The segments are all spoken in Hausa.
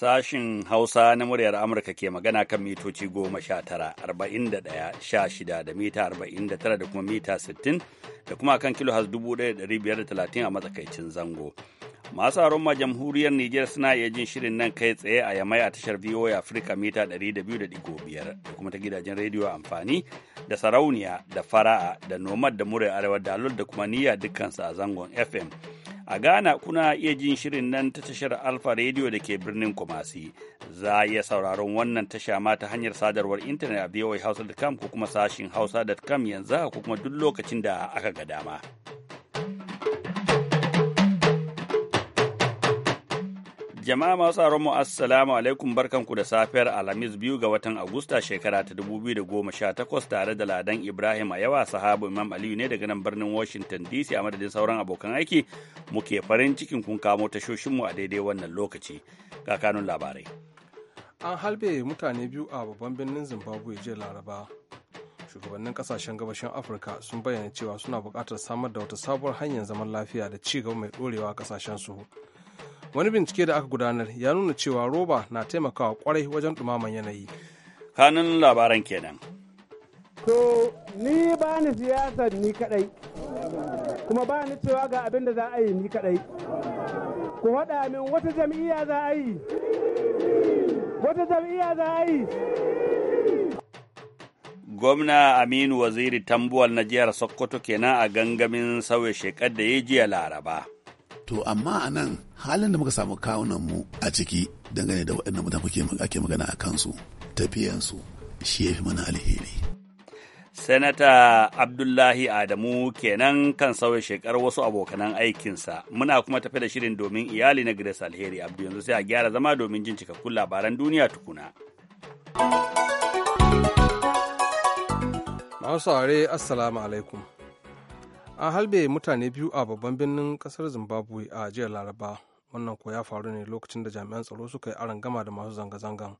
Sashin Hausa na muryar Amurka ke magana kan mitoci goma sha tara, arba'in da ɗaya, sha shida da mita arba'in da tara da kuma mita sittin da kuma kan kilo has dubu ɗaya da ɗari biyar da talatin a matsakaicin zango. Masu aron ma jamhuriyar Nijar suna iya jin shirin nan kai tsaye a yamai a tashar VOA Africa mita ɗari da biyu da da kuma ta gidajen rediyo amfani da sarauniya da fara'a da nomad da muryar arewa da da kuma niyya dukkansa a zangon FM. a ghana kuna iya jin shirin nan ta tashar alfa rediyo da ke birnin kumasi za a iya sauraron wannan tasha ma ta hanyar sadarwar intanet a voahausa.com ko kuma sashin hausa.com yanzu ko kuma duk lokacin da aka ga dama. Jama'a masu tsaron mu assalamu alaikum barkanku da safiyar Alhamis biyu ga watan Agusta shekara ta dubu biyu da goma sha takwas tare da Ladan Ibrahim a yawa sahabu Imam Aliyu ne daga nan birnin Washington DC a madadin sauran abokan aiki muke farin cikin kun kamo tashoshinmu a daidai wannan lokaci. Ga kanun labarai. An halbe mutane biyu a babban birnin Zimbabwe jiya Laraba. Shugabannin kasashen gabashin Afirka sun bayyana cewa suna buƙatar samar da wata sabuwar hanyar zaman lafiya da ci gaba mai ɗorewa a kasashen su. wani bincike da aka gudanar ya nuna cewa roba na taimakawa kwarai wajen dumaman yanayi kanun labaran kenan to ni ba ni siyasar ni kadai kuma ba ni cewa ga abin da za a yi ni kadai ku haɗa min wata jam'iyya za a yi wata jam'iyya za a yi gwamna aminu waziri tambuwal na jihar sokoto kenan a gangamin sauya shekar da ya jiya laraba to amma a nan halin da muka samu kawunan mu a ciki dangane da waɗannan mutane ake magana a kansu tafiyansu shi ya fi mana alheri Sanata Abdullahi Adamu kenan kan sauya shekarar wasu abokanan aikinsa. Muna kuma tafi da shirin domin iyali na Grace Alheri Abdu yanzu sai a gyara zama domin jin cikakkun labaran duniya tukuna. Masu saurare Assalamu alaikum. an halbe mutane biyu a babban birnin kasar zimbabwe a jiya laraba wannan ko ya faru ne lokacin da jami'an tsaro suka yi gama da masu zanga-zangan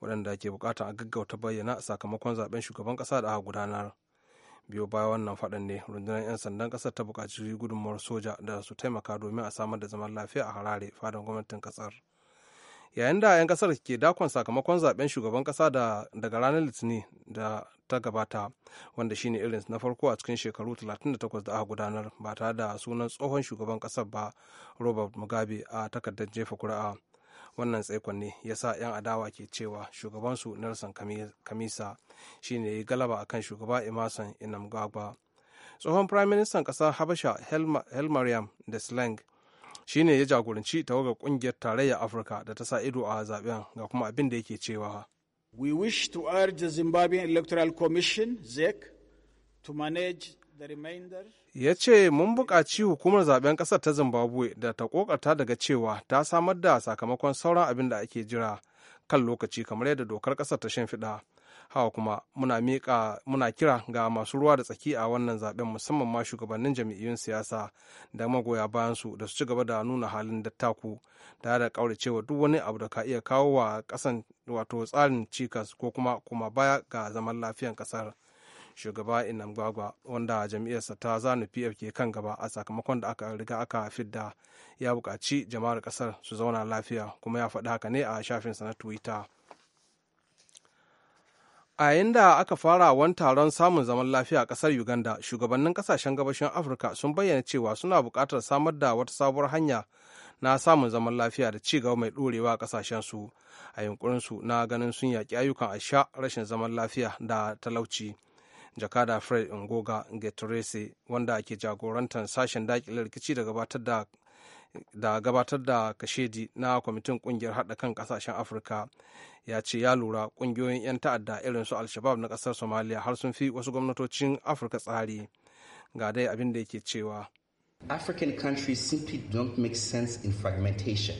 waɗanda ke bukata a gaggauta bayyana a sakamakon zaben shugaban ƙasa da aka gudanar biyo baya wannan faɗan ne rundunar 'yan sandan ƙasar ta buƙaci gudunmawar soja da su taimaka domin a samar da zaman lafiya a harare fadan gwamnatin ƙasar yayin da 'yan kasar ke dakon sakamakon zaben shugaban ƙasa daga ranar litinin da ta gabata wanda shine irin na farko a cikin shekaru 38 da aka gudanar ba tare da sunan tsohon shugaban kasar ba robert mugabe a takardar jefa kuri'a wannan tsaikon ne ya sa 'yan adawa ke cewa shugabansu nelson kamisa shine ya galaba akan shugaba emerson inamgagba tsohon firaministan ƙasar habasha helmariam desleng shi ne ya jagoranci tawagar ƙungiyar tarayyar afirka da ta sa ido a zaben ga kuma abin da yake cewa We wish to urge the Zimbabwean Electoral Commission, ZEC, to manage the Ya ce mun buƙaci hukumar zaɓen ƙasar ta Zimbabwe da ta ƙoƙarta daga cewa ta samar da sakamakon sauran abin da ake jira kan lokaci kamar yadda dokar ƙasar ta shimfiɗa. hawa kuma muna miƙa muna kira ga masu ruwa da tsaki a wannan zaben musamman ma shugabannin jami'in siyasa da magoya bayan su da su ci gaba da nuna halin dattaku da da kauracewa duk wani abu da ka iya kawo wa kasan wato tsarin cikas ko kuma kuma baya ga zaman lafiyan kasar shugaba inam gwagwa wanda jam'iyyarsa ta zanu pf ke kan gaba a sakamakon da aka riga aka fidda ya bukaci jama'ar ƙasar su zauna lafiya kuma ya faɗi haka ne a shafinsa na twitter a yayin da aka fara wani taron samun zaman lafiya a ƙasar uganda shugabannin ƙasashen gabashin afirka sun bayyana cewa suna buƙatar samar da wata sabuwar hanya na samun zaman lafiya da ci gaba mai ɗorewa a su a yunkurinsu na ganin sun yaƙi ayyukan asha rashin zaman lafiya da talauci jakada fred ngoga getorese wanda ke jagorantar sashen daƙilar rikici da gabatar da da gabatar da kashedi na kwamitin kungiyar haɗa kan kasashen afirka ya ce ya lura kungiyoyin 'yan ta'adda irin su al-shabab na kasar somaliya har sun fi wasu gwamnatocin afirka tsari ga dai abin da yake cewa african countries simply don't make sense in fragmentation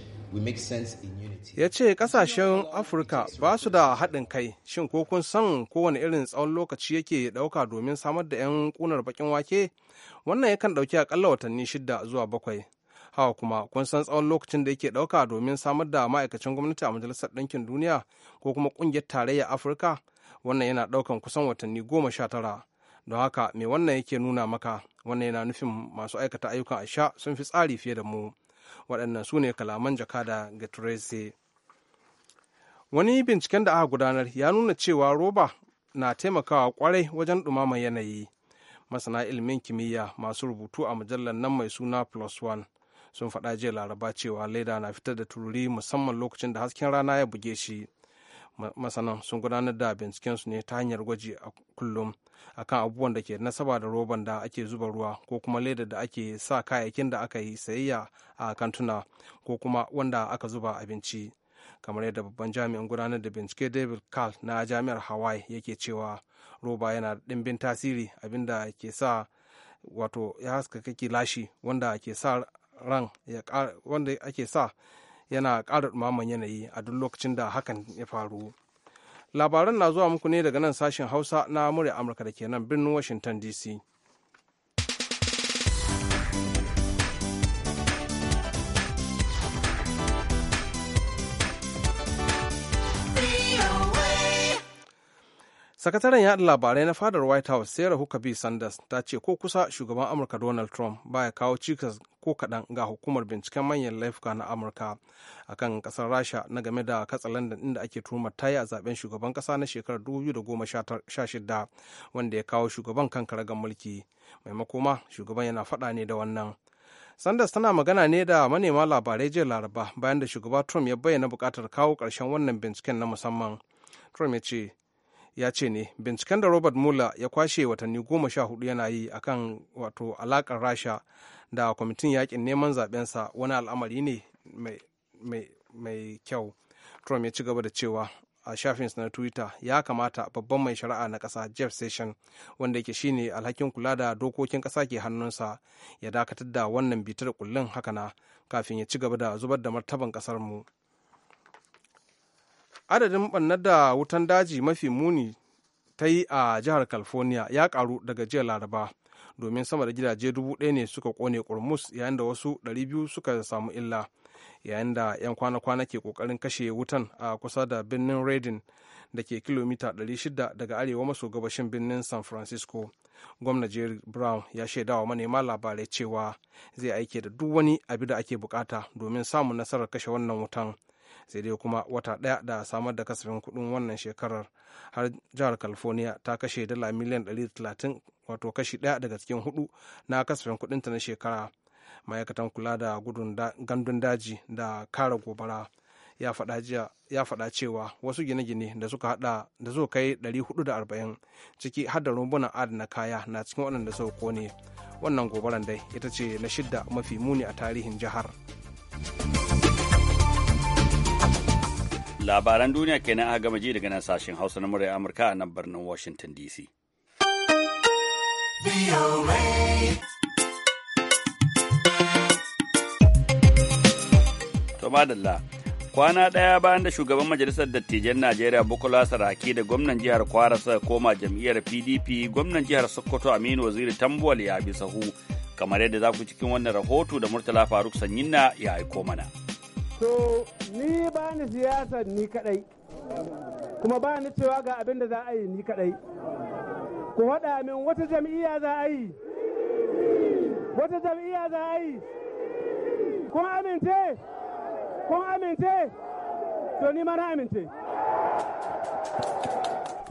ya ce kasashen afirka ba su da haɗin kai shin ko kun san kowane irin tsawon lokaci yake ɗauka domin samar da 'yan ƙunar bakin wake wannan yakan ɗauki akalla watanni shida zuwa bakwai hawa kuma kun san tsawon lokacin da yake ɗauka domin samar da ma'aikacin gwamnati a majalisar ɗinkin duniya ko kuma ƙungiyar tarayya afirka wannan yana ɗaukan kusan watanni goma sha tara don haka me wannan yake nuna maka wannan yana nufin masu aikata ayyukan asha sun fi tsari fiye da mu waɗannan su ne kalaman jakada ga turese wani binciken da aka gudanar ya nuna cewa roba na taimakawa kwarai wajen ɗumama yanayi masana ilimin kimiyya masu rubutu a mujallar nan mai suna plus one sun faɗa jiya laraba cewa leda na fitar da tururi musamman lokacin da hasken rana ya buge shi masanan sun gudanar da bincikensu ne ta hanyar gwaji a kullum akan abubuwan da ke nasaba da roban da ake zuba ruwa ko kuma leda da ake sa kayayyakin da aka yi sayayya a kantuna ko kuma wanda aka zuba abinci kamar yadda babban jami'in gudanar da bincike david carl na jami'ar hawaii yake cewa roba yana da ɗimbin tasiri abinda ke sa wato ya haska kake wanda ke sa ran wanda ake sa yana kara ɗumaman yanayi a duk lokacin da hakan ya faru labaran na zuwa muku ne daga nan sashen hausa na murya amurka da ke nan birnin washington dc sakataren yaɗa labarai na fadar white house sarah huckabee sanders ta ce ko kusa shugaban amurka donald trump baya kawo cikas ko kaɗan ga hukumar binciken manyan laifuka na amurka akan ƙasar rasha na game da London inda ake tuhumar yi a zaɓen shugaban ƙasa na shekarar 2016 wanda ya kawo shugaban kan karagar mulki maimako ma shugaban yana faɗa ne da wannan Sanders tana magana ne da manema labarai jiya Laraba bayan da shugaba Trump ya bayyana buƙatar kawo ƙarshen wannan binciken na musamman. Trump ya ce, ya ce ne binciken da robert mueller ya kwashe watanni goma sha hudu yana yi kan wato alakar rasha da kwamitin yakin neman zabensa wani al'amari ne mai kyau trump ya ci gaba da cewa a shafinsa na twitter ya kamata babban mai shari'a na ƙasa jeff session wanda yake shine alhakin kula da dokokin ƙasa ke hannunsa ya dakatar da wannan bitar kullun haka na kafin ya ci gaba da zubar da martaban ƙasar mu adadin ɓannar da wutan daji mafi muni ta yi a jihar california ya karu daga jiya laraba domin sama da gidaje dubu ɗaya ne suka kone kurmus yayin da wasu ɗari biyu suka samu illa yayin da 'yan kwana-kwana ke kokarin kashe wutan a kusa da birnin redding da ke kilomita 600 daga arewa maso gabashin birnin san francisco gwamna jerry brown ya shaidawa manema labarai cewa zai aike da duk wani abu da ake bukata domin samun nasarar kashe wannan wutan sai dai kuma wata ɗaya da samar da kasafin kuɗin wannan shekarar har jihar california ta kashe dala miliyan 130 wato kashi ɗaya daga cikin hudu na kasafin kuɗinta na shekara ma'aikatan kula da gudun gandun daji da kara gobara ya faɗa cewa wasu gine-gine da suka hada da zo kai 440 ciki har da rumbunan adana kaya na cikin waɗanda suka kone wannan gobaran dai ita ce na shidda mafi muni a tarihin jihar. labaran duniya kenan aka gama ji daga nan sashen hausa na murya amurka a nan birnin washington dc to madalla kwana ɗaya bayan da shugaban majalisar dattijan najeriya bukola saraki da gwamnan jihar kwara suka koma jam'iyyar pdp gwamnan jihar sokoto aminu waziri tambuwal ya bi sahu kamar yadda za ku cikin wannan rahoto da murtala faruk sanyinna ya aiko mana. to ni ba ni siyasa ni kadai kuma ba ni cewa ga abin da za a yi ni kadai ku haɗa min wata jam'iyya za a yi wata jam'iyya za a yi kun amince kun amince to ni ma na amince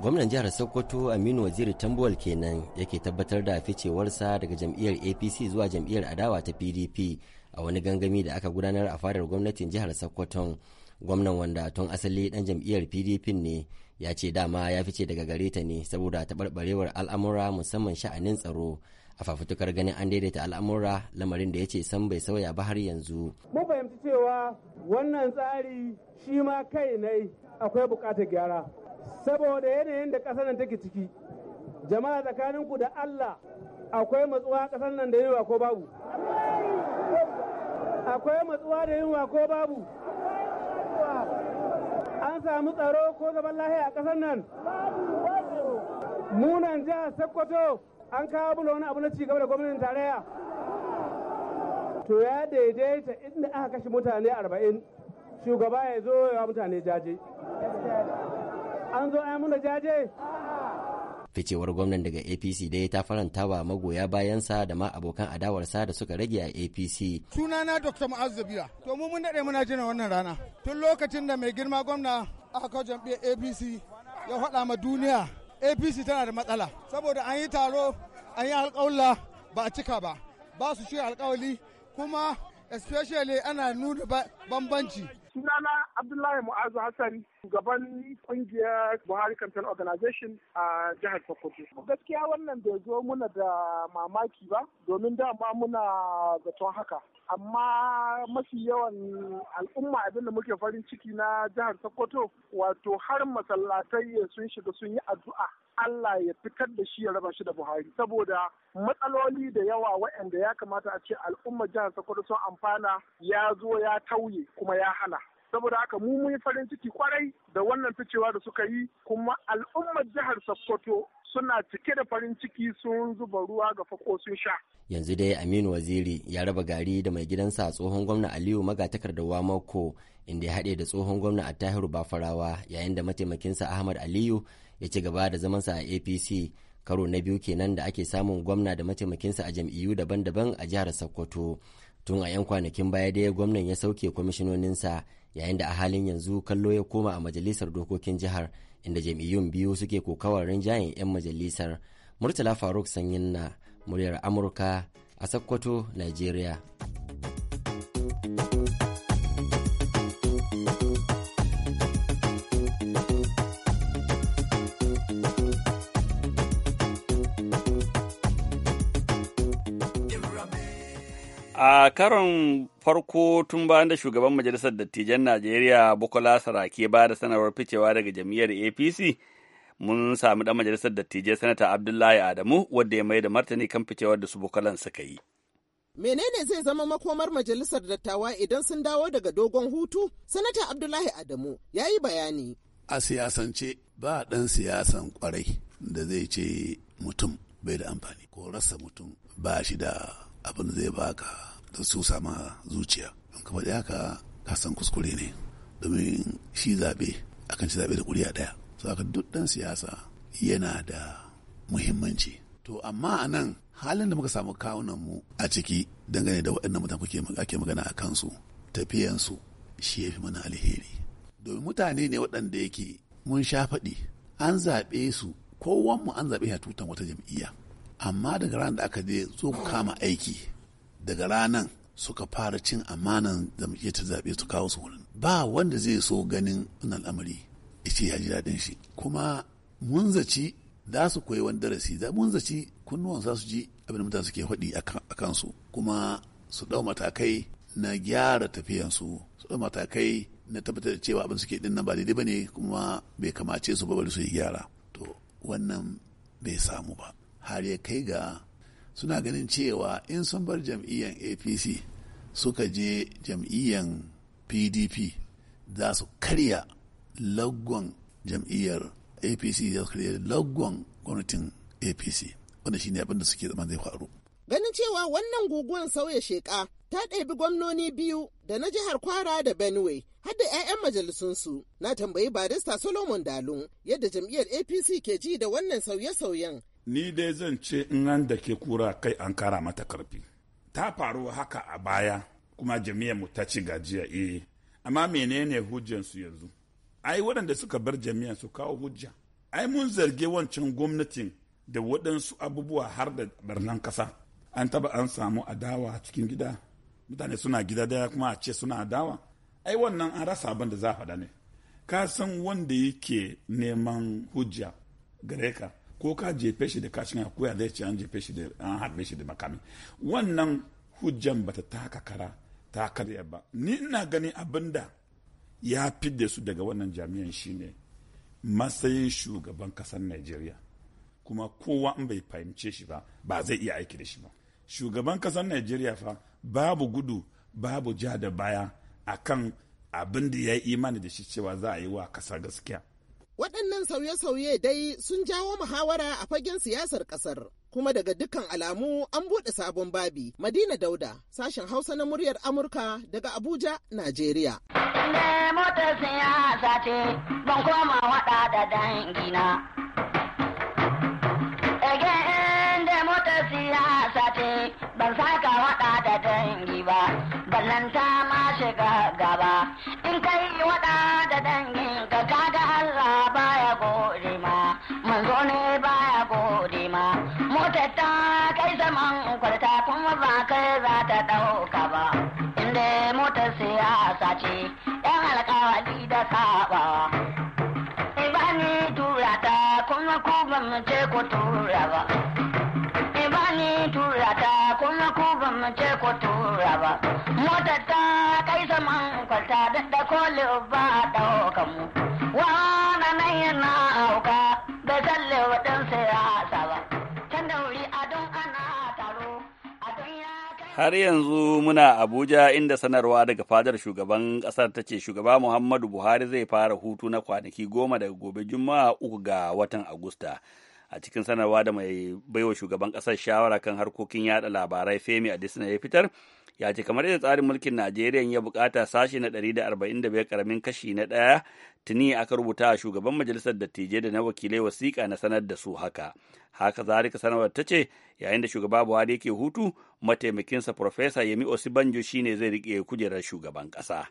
gwamnan jihar sokoto aminu waziri tambuwal kenan yake tabbatar da ficewarsa daga jam'iyyar apc zuwa jam'iyyar adawa ta pdp a wani gangami da aka gudanar a fadar gwamnatin jihar sokoton gwamnan wanda tun asali dan jam'iyyar pdp ne ya ce dama ya fice daga gare ta ne saboda taɓarɓarewar al'amura musamman sha'anin tsaro a fafutukar ganin an daidaita al'amura lamarin da ya ce san bai sauya ba har yanzu. Mun fahimci cewa wannan tsari shi ma kai ne akwai buƙatar gyara. Saboda yanayin da ƙasar nan take ciki, jama'a tsakaninku da Allah akwai matsuwa ƙasar nan da yawa ko babu. akwai matsuwa da yunwa ko babu an samu tsaro ko zaman lahiya a ƙasar nan munan jihar sokoto an kawo bula wani abu na ci gaba da gwamnatin tarayya to ya daidaita inda aka kashe mutane arba'in shugaba ya zo ya mutane jaje an zo ai muna jaje ficewar gwamnan daga apc dai ta faranta wa magoya bayansa da ma abokan adawarsa da suka rage a apc sunana dr ma'az zabira to mu mun daɗe muna jina wannan rana tun lokacin da mai girma gwamna aka jam'iyyar apc ya faɗa ma duniya apc tana da matsala saboda an yi taro an yi alƙawla ba a cika ba ba su shi alƙawali kuma especially ana nuna bambanci Sunana Abdullahi Mu'azu Hassan, gaban kungiyar Buhari Campaign Organization a jihar Sokoto. Gaskiya wannan bai zo muna da mamaki ba, domin dama muna zaton haka. Amma mafi yawan al'umma abinda muke farin ciki na jihar Sokoto, wato har masallatai sun shiga sun yi addu'a Allah ya fitar da shi ya raba shi da Buhari saboda matsaloli da yawa waɗanda ya kamata a ce al'ummar jihar Sokoto sun amfana ya zo ya tauye kuma ya hana. Saboda haka mu mun yi farin ciki kwarai da wannan ficewa da suka yi kuma al'ummar jihar Sokoto suna cike da farin ciki sun zuba ruwa ga fako sun sha. Yanzu dai Aminu Waziri ya raba gari da mai gidansa tsohon gwamna Aliyu wa Mako inda ya haɗe da tsohon gwamna Attahiru Bafarawa yayin da mataimakinsa Ahmad Aliyu ya ci gaba da zamansa a apc karo na biyu kenan da ake samun gwamna da mataimakinsa a jam'iyyu daban-daban a jihar sokoto tun a 'yan kwanakin baya dai gwamnan ya sauke kwamishinoninsa yayin da a halin yanzu kallo ya koma a majalisar dokokin jihar inda jam'iyyun biyu suke kokawar rinjayen 'yan majalisar murtala faruk sanyin na muryar amurka a sokoto nigeria A karon farko tun bayan da shugaban Majalisar Dattijan Najeriya Bukola Sarake ba da sanarwar ficewa daga jam'iyyar APC, mun sami dan Majalisar Dattijai Sanata Abdullahi Adamu wadda ya mai da martani kan ficewar da su Bukolan suka yi. Menene zai zama makomar Majalisar Dattawa idan sun dawo daga dogon hutu? Sanata Abdullahi Adamu ya yi bayani. A siyasance ba ɗan siyasan kwarai da zai ce mutum bai da amfani ko rasa mutum ba shi da abin zai baka da su sama zuciya in ka da haka ka san kuskure ne domin shi zaɓe akan ci zaɓe da ƙuri'a ɗaya so aka duk ɗan siyasa yana da muhimmanci to amma a nan halin da muka samu kawunan mu a ciki dangane da waɗannan mutane kuke ake magana a kansu tafiyansu shi ya fi mana alheri domin mutane ne waɗanda yake mun sha faɗi an zaɓe su kowan an zaɓe ya tutan wata jam'iyya amma daga ran da aka je zo kama aiki daga ranan suka fara cin amanan da muke ta zaɓe su kawo su wurin ba wanda zai so ganin wannan al'amari ice ya ji daɗin shi kuma mun zaci za su koyi wani darasi za mun zaci kunnuwan za su ji abin da mutane suke faɗi a kansu kuma su ɗau matakai na gyara tafiyansu su ɗau matakai na tabbatar da cewa abin suke dinnan ba daidai ba ne kuma bai kamace su ba bari su yi gyara to wannan bai samu ba har ya kai ga suna ganin cewa in sun bar jam'iyyar apc suka je jam'iyyar pdp za su karya laggon jam'iyyar apc za su karya laggon gwamnatin apc wanda shine abin da suke zaman zai faru ganin cewa wannan guguwan sauya sheka ta ɗabi gwamnoni biyu da na jihar kwara da benue har 'ya'yan majalisunsu na tambayi barista solomon dalun yadda jam'iyyar apc ke ji da wannan sauye-sauyen ni dai zan ce in an da ke kura kai an kara mata karfi ta faru haka a baya kuma jami'ar mu ta ci gajiya eh amma menene hujjan su yanzu ai waɗanda suka bar jami'ar su kawo hujja ai mun zarge wancan gwamnatin da waɗansu abubuwa har da barnan kasa. an taba an samu adawa a cikin gida mutane suna gida daya kuma a ce suna adawa ai wannan an rasa abin da za faɗa ne ka san wanda yake neman hujja gare ka ko ka jefe shi da kashin akuya zai ce an jefe shi da an harbe shi da makami wannan hujjan bata taka kara ta karya ba ni ina gani abinda ya fidda su daga wannan jami'an shine matsayin shugaban kasar Najeriya kuma kowa in bai fahimce shi ba ba zai iya aiki da shi ba shugaban kasar Najeriya fa babu gudu babu ja da baya akan abin da ya yi imani da shi cewa za a yi wa kasa gaskiya Waɗannan sauye-sauye dai sun jawo muhawara a fagen siyasar ƙasar. Kuma daga dukkan alamu an buɗe sabon babi. Madina Dauda, sashen Hausa na muryar Amurka daga Abuja, Najeriya. siyasa ban koma waɗa ban saka waɗa da dangi ba, ballanta ma shiga gaba. In kai waɗa da dangi ba. turata, e ni tura ta kuma ku mu ce ku tura ba. Motar ta kai saman kwalta duk da koli ba ɗauka mu. na nan yana auka bai tsalle a sa ba. Can da wuri a don ana taro. Har yanzu muna Abuja inda sanarwa daga fadar shugaban ƙasar ta ce shugaba Muhammadu Buhari zai fara hutu na kwanaki goma daga gobe Juma'a uku ga watan Agusta. a cikin sanarwa da mai baiwa shugaban ƙasar shawara kan harkokin yada labarai femi a disney ya fitar ya ce kamar yadda tsarin mulkin najeriya ya bukata sashi na 145 karamin kashi na ɗaya tuni aka rubuta a shugaban majalisar dattijai da na wakilai wasiƙa na sanar da su haka haka zarika sanarwar ta ce yayin da shugaba buhari yake hutu mataimakinsa Profesa yemi osibanjo shine zai riƙe kujerar shugaban ƙasa.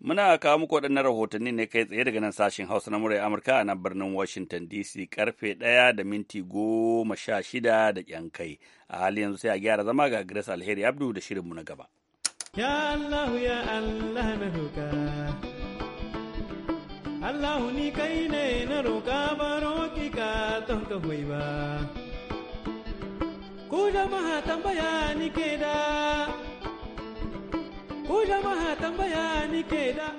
Muna kawo muku waɗannan rahotanni ne kai tsaye daga nan sashen Hausa na murai Amurka a nan birnin Washington DC karfe ɗaya da minti goma sha shida da ƙyan kai. A halin yanzu sai a gyara zama ga Grace Alheri Abdu da shirinmu na gaba. Ya Allah ya Allah na roƙa. Allah ni kai ne na roƙa ba roƙi ka don ka ba. Ku jama'a tambaya ni ke da. jama'a tambaya da.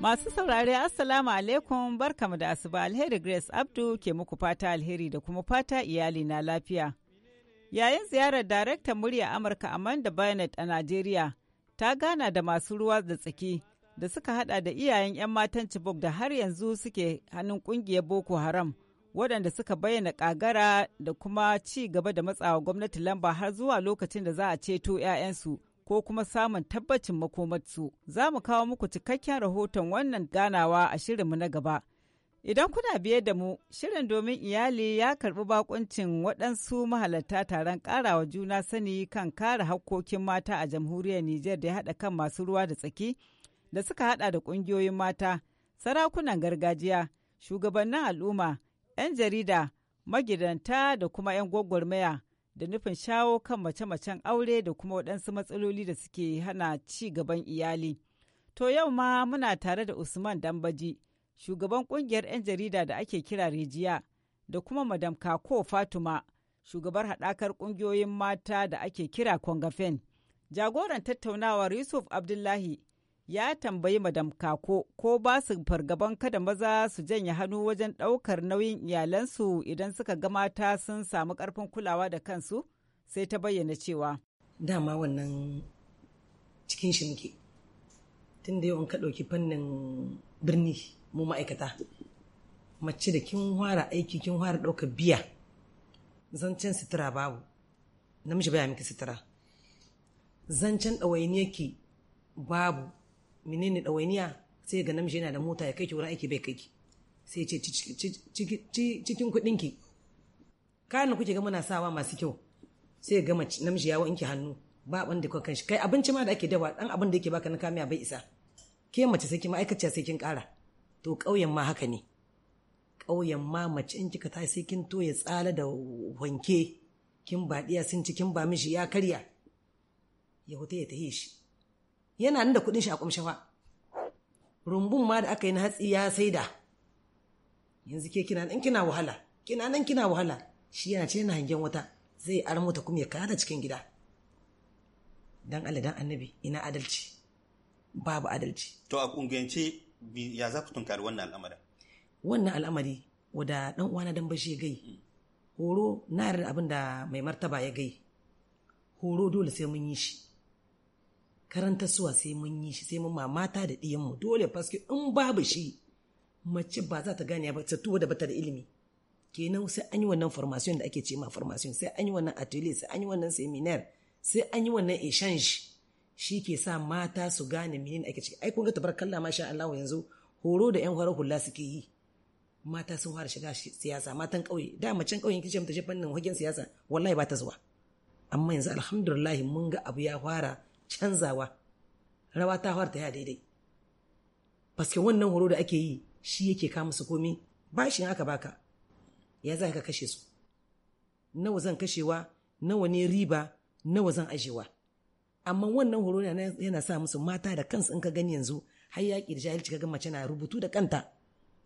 Masu saurare Assalamu alaikum barkamu da asuba alheri Grace Abdu ke muku fata alheri da kuma fata iyali na lafiya. Yayin ziyarar daraktan murya Amurka Amanda Bennett a Najeriya ta gana da masu ruwa da tsaki da suka hada da iyayen 'yan matan Chibok da har yanzu suke hannun kungiyar Boko Haram waɗanda suka bayyana kagara da kuma ci gaba da matsawa gwamnati lamba har zuwa lokacin da za a ceto 'ya'yansu. ko kuma samun tabbacin makomarsu. Za mu kawo muku cikakken rahoton wannan ganawa a shirinmu na gaba. Idan kuna biye da mu, shirin domin iyali ya karɓi bakuncin waɗansu mahalarta taron karawa juna sani kan kare hakkokin mata a jamhuriyar Nijar da ya haɗa kan masu ruwa da tsaki da suka haɗa da ƙungiyoyin mata, sarakunan gargajiya, shugabannin al'umma, 'yan jarida, magidanta da kuma 'yan gwagwarmaya da nufin shawo kan mace-macen aure da kuma waɗansu matsaloli da suke hana ci gaban iyali. To yau ma muna tare da Usman Dambaji, shugaban ƙungiyar 'yan jarida da ake kira Rijiya, da kuma Madam Kako Fatuma, shugabar haɗakar ƙungiyoyin mata da ake kira Kongafen. Jagoran tattaunawar Yusuf Abdullahi ya tambayi madam kako ko ba su fargaban kada maza su janye hannu wajen ɗaukar nauyin iyalansu idan suka ga mata sun samu ƙarfin kulawa da kansu sai ta bayyana cewa dama wannan cikin shi muke tun da yawan ka ɗauki fannin birni mu ma'aikata mace da kin hwara aiki kin hwara ɗaukar biya zancen sutura babu namiji baya miki sutura zancen ki babu menene ɗawainiya sai ga namiji yana da mota ya kai ki wurin aiki bai kai ki sai ce cikin kuɗin ki kana kuke ga muna sawa masu kyau sai ga namiji ya wanke hannu ba abin da kan shi kai abinci ma da ake dawa dan abin da yake baka na kamiya bai isa ke mace sai kima aikaciya sai kin ƙara to ƙauyen ma haka ne ƙauyen ma mace in kika ta sai kin toye tsala da wanke kin ba sun ci kin ba mishi ya karya ya huta ya tahi shi yana nan da kudin shi a kumshe fa rumbun ma da aka yi na hatsi ya saida yanzu ke kina nan kina wahala kina nan kina wahala shi yana ce yana hangen wata zai ar mota kuma ya kada cikin gida dan Allah dan annabi ina adalci babu adalci to a kungiyance ya za ku tunkari wannan al'amari wannan al'amari wada dan uwana dan bashi gai horo na yarda abin da mai martaba ya gai horo dole sai mun yi shi karanta suwa sai mun yi shi sai mun mata da ɗiyanmu dole faske in babu shi mace ba za ta gane ba ta tuwo da bata da ilimi kenan sai an yi wannan formation da ake ce ma formation sai an yi wannan atelier sai an yi wannan seminar sai an yi wannan exchange shi ke sa mata su gane menene ake ciki ai kun ga kalla masha Allah yanzu horo da yan horo hula suke yi mata sun fara shiga siyasa matan ƙauye da macen ƙauyen kice mata fannin hagen siyasa wallahi ba ta zuwa amma yanzu alhamdulillah mun ga abu ya fara canzawa rawa ta ta ya daidai paske wannan horo da ake yi shi yake ka su komi bashin aka baka ya za ka kashe su nawa zan kashewa nawa ne riba nawa zan ajewa amma wannan horo yana sa musu mata da kansu in ka gani yanzu har yaƙi da ka ga mace na rubutu da kanta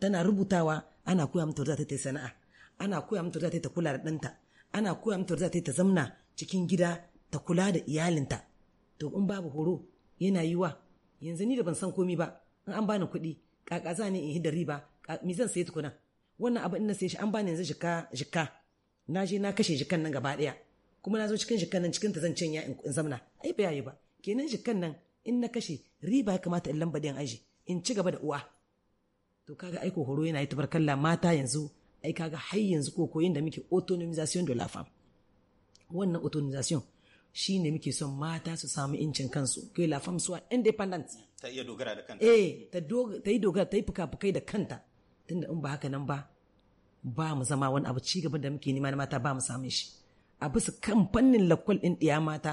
tana rubutawa ana koya mata za ta ta sana'a ana koya mata za ta ta kula da ɗanta ana koya mata za ta ta zamna cikin gida ta kula da iyalinta to in babu horo yana yiwa yanzu ni da ban san komi ba in an bani kuɗi kaka za ni in hidda riba mi zan sayi tukuna wannan abin in na sayi shi an bani yanzu jika jika na je na kashe jikan nan gaba ɗaya kuma na zo cikin jikan nan cikin ta zan canya in zamna ai ba yayi ba kenan jikan nan in na kashe riba ya kamata in lamba ɗin aji in ci gaba da uwa to kaga aiko horo yana yi tabarkalla mata yanzu ai kaga har yanzu ko koyin da muke autonomization de la femme wannan autonomization shi ne muke son mata su samu incin kansu kai la femme soit independent ta dogara da eh, yi dogara ta yi fuka-fukai da kanta tunda in ba haka nan ba ba mu zama wani abu ci gaba da muke nema na mata ba mu samun shi a bisa kan fannin lakwal ɗin ɗiya mata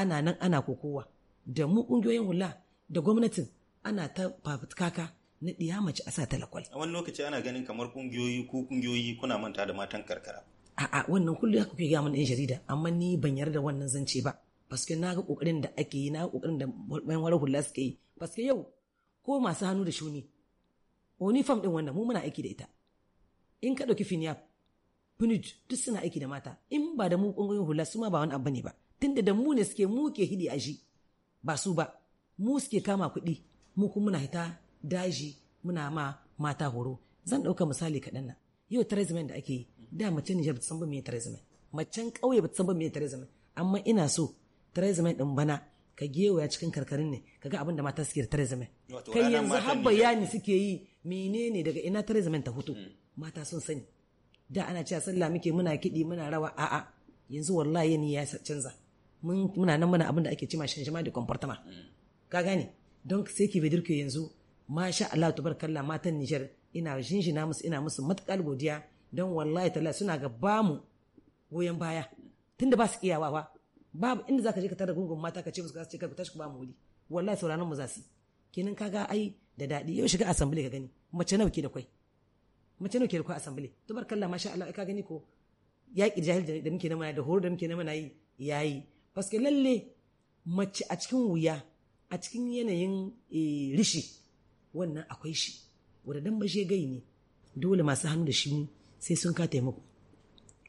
ana nan ana kokowa da mu ƙungiyoyin hula da gwamnatin ana ta fafutukaka na ɗiya mace a sa ta lakwal. A wani lokaci ana ganin kamar ƙungiyoyi ko ƙungiyoyi kuna manta da matan karkara. a'a wannan kullum ya kuke gamin ɗan jarida amma ni ban yarda wannan zance ba paske na ga kokarin da ake yi na ga kokarin da bayan wani hula suke yi paske yau ko masu hannu da shuni fam ɗin wannan mu muna aiki da ita in ka ɗauki finiya punit duk suna aiki da mata in ba da mu ƙungiyoyin hula su ma ba wani abu ne ba tunda da mu ne suke mu ke hidi a shi ba su ba mu suke kama kuɗi mu kuma muna hita daji muna ma mata horo zan ɗauka misali kaɗan nan yau tarazimen da ake yi da mace Nijar bata san ba me Theresa May macen ba bata san ba me Theresa amma ina so Theresa May din bana ka gewaya cikin karkarin ne kaga abin da mata suke da Theresa kai yanzu har bayani suke yi menene daga ina Theresa ta hoto hmm. mata sun sani da ana cewa sallah muke muna kidi muna rawa a'a yanzu wallahi ni ya canza mun muna nan muna abin da ake cima shanshama da comportement hmm. ka gane don sai ki bidirke yanzu masha Allah tabarakallah matan Nijar ina jinjina musu ina musu matakal godiya don wallahi tala suna ga bamu goyon baya tun da ba su iyawa ba babu inda ka je ka tara gungun mata ka ce musu ka ce ka tashi ba mu wuri wallahi sauranan mu za su kenan kaga ai da daɗi yau shiga assembly ka gani mace nawa ke da kwai mace nawa ke da kwai assembly tabarakallah masha Allah ka gani ko yaƙi jahil da muke na mana da horo da muke na mana yi yayi paske lalle mace a cikin wuya a cikin yanayin eh, rishi wannan akwai shi wadda dan bashe gai ne dole masu hannu da shi sai sun ka taimako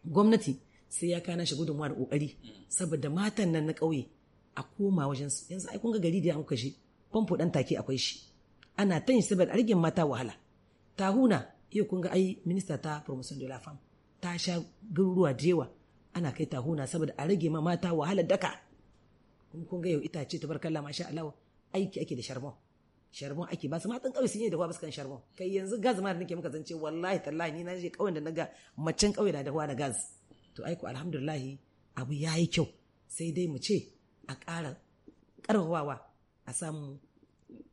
gwamnati sai ya kana shi gudunmuwa da kokari saboda matan nan na ƙauye a koma wajen su yanzu ai kun ga gari da an kuka shi famfo dan take akwai shi ana ta yin saboda rigin mata wahala tahuna iya kun ga ai minista ta promotion de la femme ta sha garuruwa da yawa ana kai ta huna saboda a rage ma mata wahala daka kun ga yau itace tabarkalla masha Allah aiki ake da sharbon sharbon ake ba su matan kauye sun yi dahuwa baskan sharbon kai yanzu gas ma da nake muka zance wallahi tallahi ni na je kauyen da naga macen kauye na dahuwa da gas to aiko alhamdulillah abu yayi kyau sai dai mu ce a ƙara ƙarfafawa a samu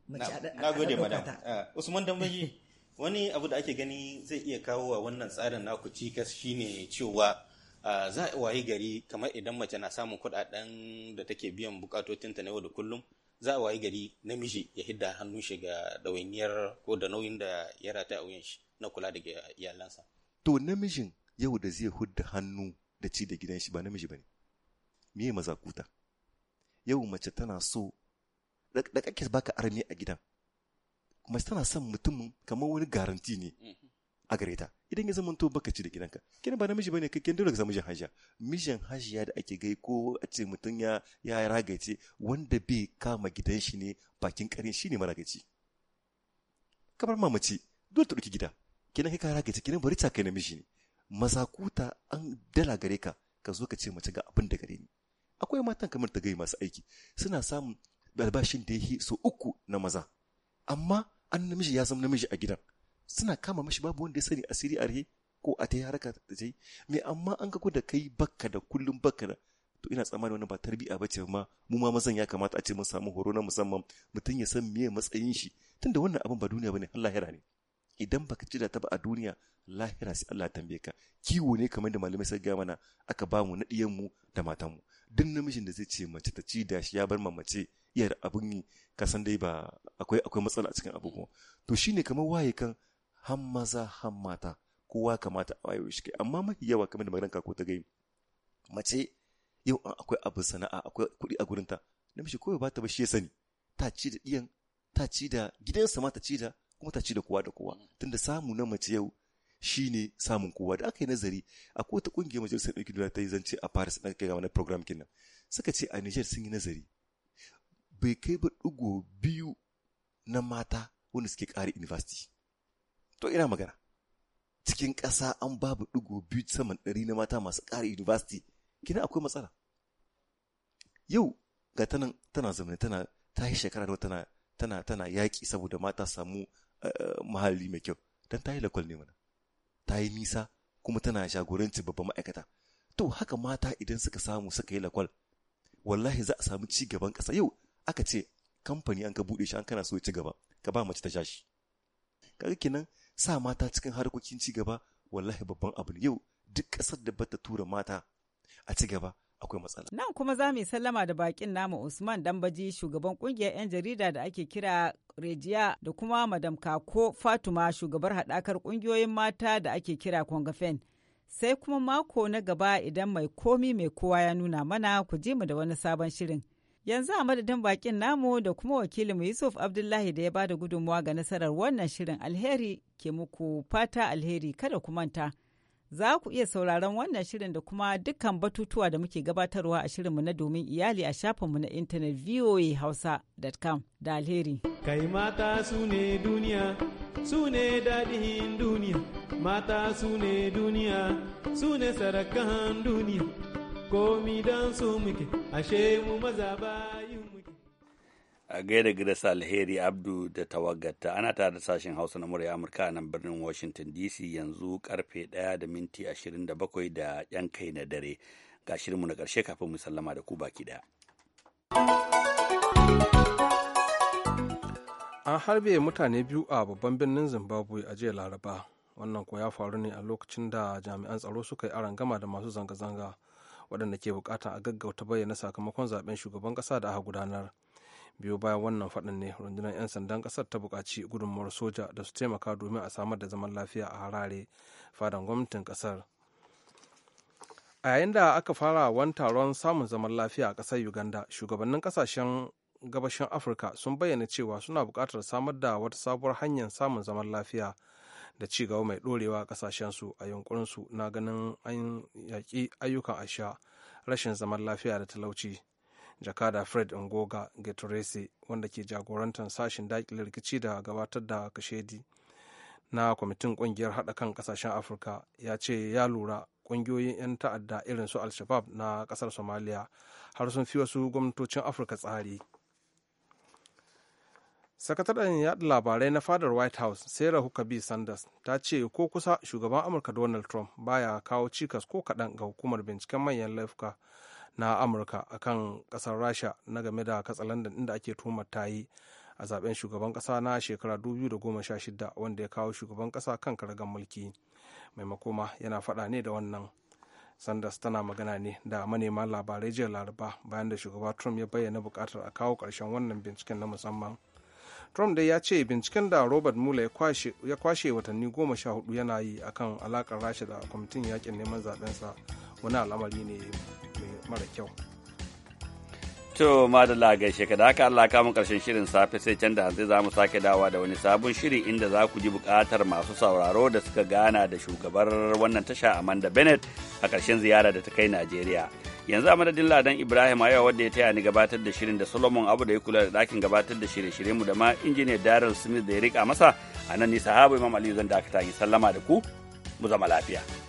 na gode madam eh, usman dambaji wani abu da ake gani zai iya kawo wa wannan tsarin naku cikas shine cewa ah, za a wayi gari kamar idan mace na samun kuɗaɗen da take biyan bukatotinta na yau da kullum za a wayi gari namiji ya hidda hannun shi ga ɗawainiyar ko da nauyin da ya rata a shi na kula da iyalansa. To namijin yau da zai hudda hannu da ci da gidan shi ba namiji ba ne. Miye kuta. Yau mace tana so da kake baka armi a gidan. Mace tana son mutumin kamar wani garanti ne mm-hmm. a gareta. idan ya to baka ci da gidanka kina ba namiji bane kake dole ka samu mijin hajiya mijin hajiya da ake gai ko a ce mutum ya ya ragace wanda bai kama gidan shi ne bakin kare shi ne maragaci kamar mamaci dole ta dauki gida kina kai ka ragace kina bari ta kai namiji ne kuta an dala gare ka ka zo ka ce mace ga abin da gare ni akwai matan kamar ta gai masu aiki suna samun albashin da ya so uku na maza amma an namiji ya zama namiji a gidan suna kama mashi babu wanda ya sani asiri arhe ko a ta yi haraka da ta yi me amma an ka da kai bakka da kullum bakka da to ina tsammanin wani ba tarbiya ba ce ma mu ma mazan ya kamata a ce mun samu horo na musamman mutum ya san meye matsayin shi tunda wannan abin ba duniya bane har lahira ne idan baka ci da ta ba a duniya lahira sai Allah tambaye ka kiwo ne kamar da malamai sai ga mana aka ba mu na diyan mu da matan mu duk namijin da zai ce mace ta ci da shi ya bar mamace iyar abun yi ka san dai ba akwai akwai matsala a cikin abubuwa to shine kamar waye kan han maza han mata kowa kamata a wayo shi amma mafi yawa kamar da maganar kako ta gai mace yau an akwai abu sana'a akwai kuɗi a gurinta namiji kowa ba ta ba shi ya sani ta ci da iyan ta ci da gidansa ma ta ci da kuma ta ci da kowa da kowa tunda samu na mace yau shine samun kowa da aka yi nazari a kowace kungiyar majalisar ɗaukin duniya ta yi zance a Paris dan kai wani program kenan suka ce a Niger sun yi nazari bai kai ba ɗigo biyu na mata wanda suke ƙari university to ina magana cikin ƙasa an babu ɗigo biyu saman ɗari na mata masu ƙari university kina akwai matsala yau ga tana tana zamani tana ta yi shekara da tana tana tana yaƙi saboda mata samu eh, eh, mahalli mai kyau dan ta yi lakwal ne mana ta yi nisa kuma tana jagoranci babban ma'aikata to haka mata idan suka samu suka yi lakwal wallahi za a samu ci gaban ƙasa yau aka ce kamfani an ka buɗe shi an kana so ci gaba ka ba mace ta sha shi kaga kenan sa mata cikin harkokin ci gaba wallahi babban abu ne yau duk ƙasar da bata tura mata a ci gaba akwai matsala. Nan kuma za mu yi sallama da bakin namu Usman Dambaji shugaban kungiyar 'yan jarida da ake kira Rejiya da kuma Madam Kako Fatuma shugabar haɗakar kungiyoyin mata da ake kira Kongafen. Sai kuma mako na gaba idan mai komi mai kowa ya nuna mana ku ji mu da wani sabon shirin. Yanzu a madadin bakin namu da kuma wakilinmu Yusuf Abdullahi da ya ba da gudunmawa ga nasarar wannan shirin alheri ke muku fata alheri kada ku manta. Za ku iya sauraron wannan shirin da kuma dukkan batutuwa da muke gabatarwa a shirinmu na domin iyali a shafinmu na intanet voahausa.com da alheri. Kai mata su ne duniya, su ne daɗin duniya, mata su ne duniya, su ne sarakan duniya. komi don su muke ashe mu maza bayin muke a gaida gida alheri abdu da tawagata ana tare da sashen hausa na murya amurka nan birnin washington dc yanzu karfe 1 da minti 27 da yan kai na dare ga shirinmu na karshe kafin mu sallama da ku baki daya an harbe mutane biyu a babban birnin zimbabwe a jiya laraba wannan ko ya faru ne a lokacin da jami'an tsaro suka yi gama da masu zanga-zanga waɗanda ke bukata a gaggauta bayyana sakamakon zaben shugaban ƙasa da aka gudanar biyu bayan wannan faɗin ne rundunar 'yan sandan ƙasar ta buƙaci gudunmawar soja da su taimaka domin a samar da zaman lafiya a harare fadan gwamnatin ƙasar a yayin da aka fara wani taron samun zaman lafiya a ƙasar uganda shugabannin ƙasashen gabashin afirka sun bayyana cewa suna buƙatar samar da wata sabuwar hanyar samun zaman lafiya da ci gaba mai ɗorewa a ƙasashensu a yunkurinsu na ganin an yaƙi ayyukan asha rashin zaman lafiya da talauci jakada fred ngoga getorese wanda ke jagorantar sashen daƙile rikici da gabatar da kashedi na kwamitin ƙungiyar haɗa kan ƙasashen afirka ya ce ya lura ƙungiyoyin 'yan ta'adda irin su al na ƙasar somaliya har sun fi wasu gwamnatocin afirka tsari sakataren yaɗa labarai na fadar white house sarah huckabee sanders ta ce ko kusa shugaban amurka donald trump baya kawo cikas ko kaɗan ga hukumar binciken manyan laifuka na amurka akan ƙasar rasha na game da katsalandan inda ake tumar ta yi a zaben shugaban ƙasa na shekara 2016 wanda ya kawo shugaban ƙasa kan karagan mulki mai makoma yana faɗa ne da wannan sanders tana magana ne da manema labarai jiya laraba bayan da shugaba trump ya bayyana bukatar a kawo ƙarshen wannan binciken na musamman trump dai ya ce binciken da robert mueller ya kwashe watanni goma sha hudu yana yi akan alakar rasha da kwamitin yakin neman zaɓensa wani al'amari ne mara kyau To madalla gaishe ka da haka Allah kamun karshen shirin safe sai can da hanzu za mu sake dawa da wani sabon shiri inda za ku ji bukatar masu sauraro da suka gana da shugabar wannan tasha Amanda Bennett a karshen ziyara da ta kai Najeriya. yanzu a madadin ladan ibrahim a yawa wadda ya taya ni gabatar da shirin da solomon abu da ya kula da ɗakin gabatar da shirye-shirye mu da ma injiniyar daryl smith da ya rika masa a nan ne sahaba imam aliyu zan dakata yi sallama da ku mu zama lafiya.